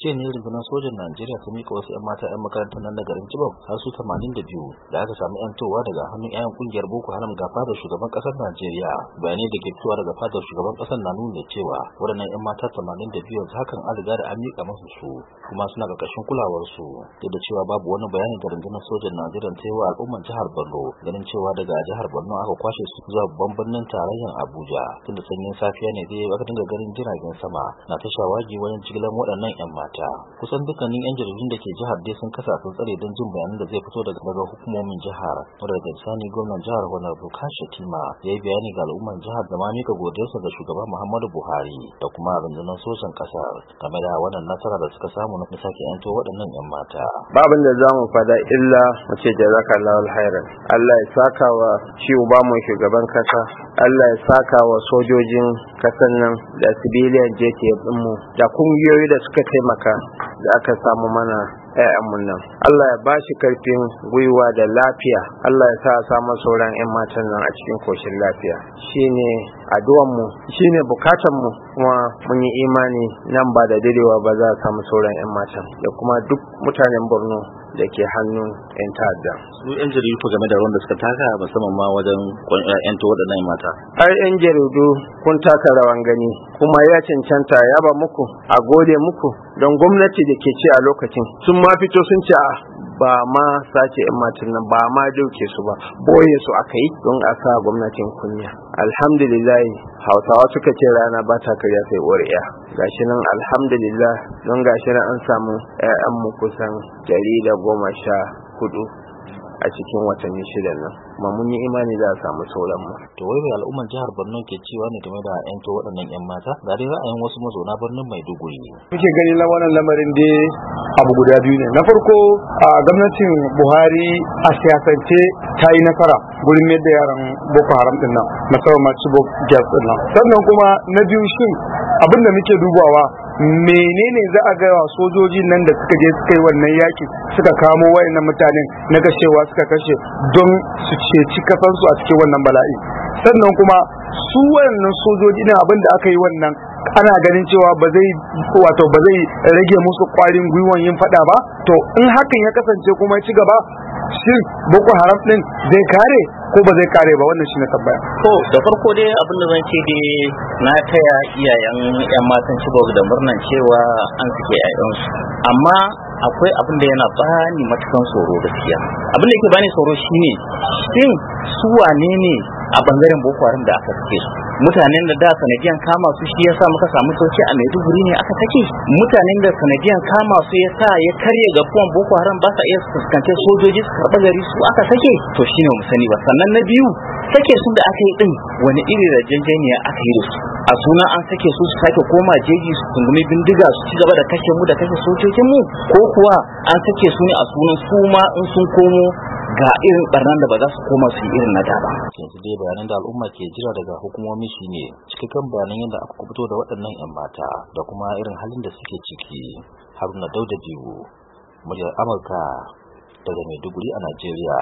jiya ne rundunar sojan Najeriya ta miƙa wasu 'yan mata 'yan makarantar nan na garin Jibom har su 82 da aka samu towa daga hannun 'yan kungiyar Boko Haram ga fadar shugaban kasar Najeriya. Bayanai da ke fitowa daga fadar shugaban kasar na nuna cewa waɗannan 'yan mata 82 yanzu hakan an riga da an mika musu su kuma suna ƙarƙashin kulawar su. Duk da cewa babu wani bayani da rundunar sojan Najeriya ta yi wa al'ummar jihar Borno ganin cewa daga jihar Borno aka kwashe su zuwa babban birnin tarayyar Abuja tunda sanyin safiya ne zai aka dinga ganin jiragen sama na ta shawagi wajen jigilar waɗannan 'yan mata. kusan dukkanin yan jaridun da ke jihar dai sun kasa sun tsare don jin bayanan da zai fito daga hukumomin jihar daga bisani gwamnan jihar wani bukan shatima ya yi bayani ga al'umman jihar da ma mika godiyarsa ga shugaba muhammadu buhari da kuma rundunar sojan kasar game da wannan nasara da suka samu na sake yanto waɗannan yan mata. babin da za mu fada illa mu ce jazaka lawal allah ya saka wa shi uba mu shugaban kasa Allah ya saka wa sojojin kasan nan da civilian JTF mu da kungiyoyi da suka taimaka da aka samu mana mun nan. Allah ya bashi karfin gwiwa da lafiya. Allah ya sa a samu sauran 'yan matan nan a cikin koshin lafiya. Shine addu'an mu, shine bukatan mu kuma mun yi imani nan ba da dadewa ba za a samu sauran 'yan matan da kuma duk mutanen Borno da ke hannun 'yan ta'adda. Su 'yan jaridu game da ruwan da suka taka musamman ma wajen 'yan eh, waɗannan mata. Ai 'yan jaridu kun taka rawan gani kuma ya cancanta ya ba muku a gode muku don gwamnati da ke ci a lokacin sun ma fito sun ce ah, ba ma sace yan matan nan ba ma dauke su ba boye su aka yi don a sa gwamnatin kunya alhamdulillah hausawa suka ce rana ba ta karya sai wariya gashi nan alhamdulillah don gashi nan an samu mu kusan jarida goma sha hudu a cikin watanni shidan nan amma mun yi imani za a samu sauran mu to wai bai al'ummar jihar Borno ke cewa ne game da yanto waɗannan yan mata ga dai ra'ayin wasu mazauna birnin Maiduguri kike gani na wannan lamarin dai abu guda biyu ne na farko a gwamnatin Buhari a siyasance ta yi nasara gurin mai da yaran Boko Haram din nan musamman ma Chibok Girls din nan sannan kuma na biyu shin abinda muke dubawa menene za a gaya wa sojojin nan da suka je suka yi wannan yaki suka kamo wayannan mutanen na gashewa suka kashe don su ceci kasansu a cikin wannan bala'i sannan kuma su wayannan sojoji ne abin da aka yi wannan ana ganin cewa ba zai wato ba zai rage musu kwarin gwiwan yin fada ba to in hakan ya kasance kuma ci gaba shin boko haram din zai kare ko ba zai kare ba wannan shi na tambaya to da farko dai abin da zan ce dai na taya iyayen yan matan cibok da murnan cewa an suke yayansu amma akwai abin da yana bani matukan tsoro gaskiya abin da yake bani tsoro shine shin su wane ne a bangaren boko haram da aka suke su mutanen da da sanadiyan kama su shi yasa muka samu sauki a Maiduguri ne aka sake mutanen da sanadiyan kama su yasa ya karye ga kuwan Boko Haram ba sa iya fuskance sojoji su karba gari su aka sake to shine mu sani ba sannan na biyu sake su da aka yi din wani iri da janjaniya aka yi da su a suna an sake su su sake koma jeji su tungumi bindiga su ci gaba da kashe mu da kashe sojojin mu ko kuwa an sake su ne a sunan su ma in sun komo ga irin barnan da ba za su koma su yi irin na daba. ba. yanzu dai bayanan da al'umma ke jira daga hukumomi shi ne cikakken bayanan yadda aka kubuto da waɗannan 'yan mata da kuma irin halin da suke ciki haruna dauda biyu muryar amurka daga maiduguri a najeriya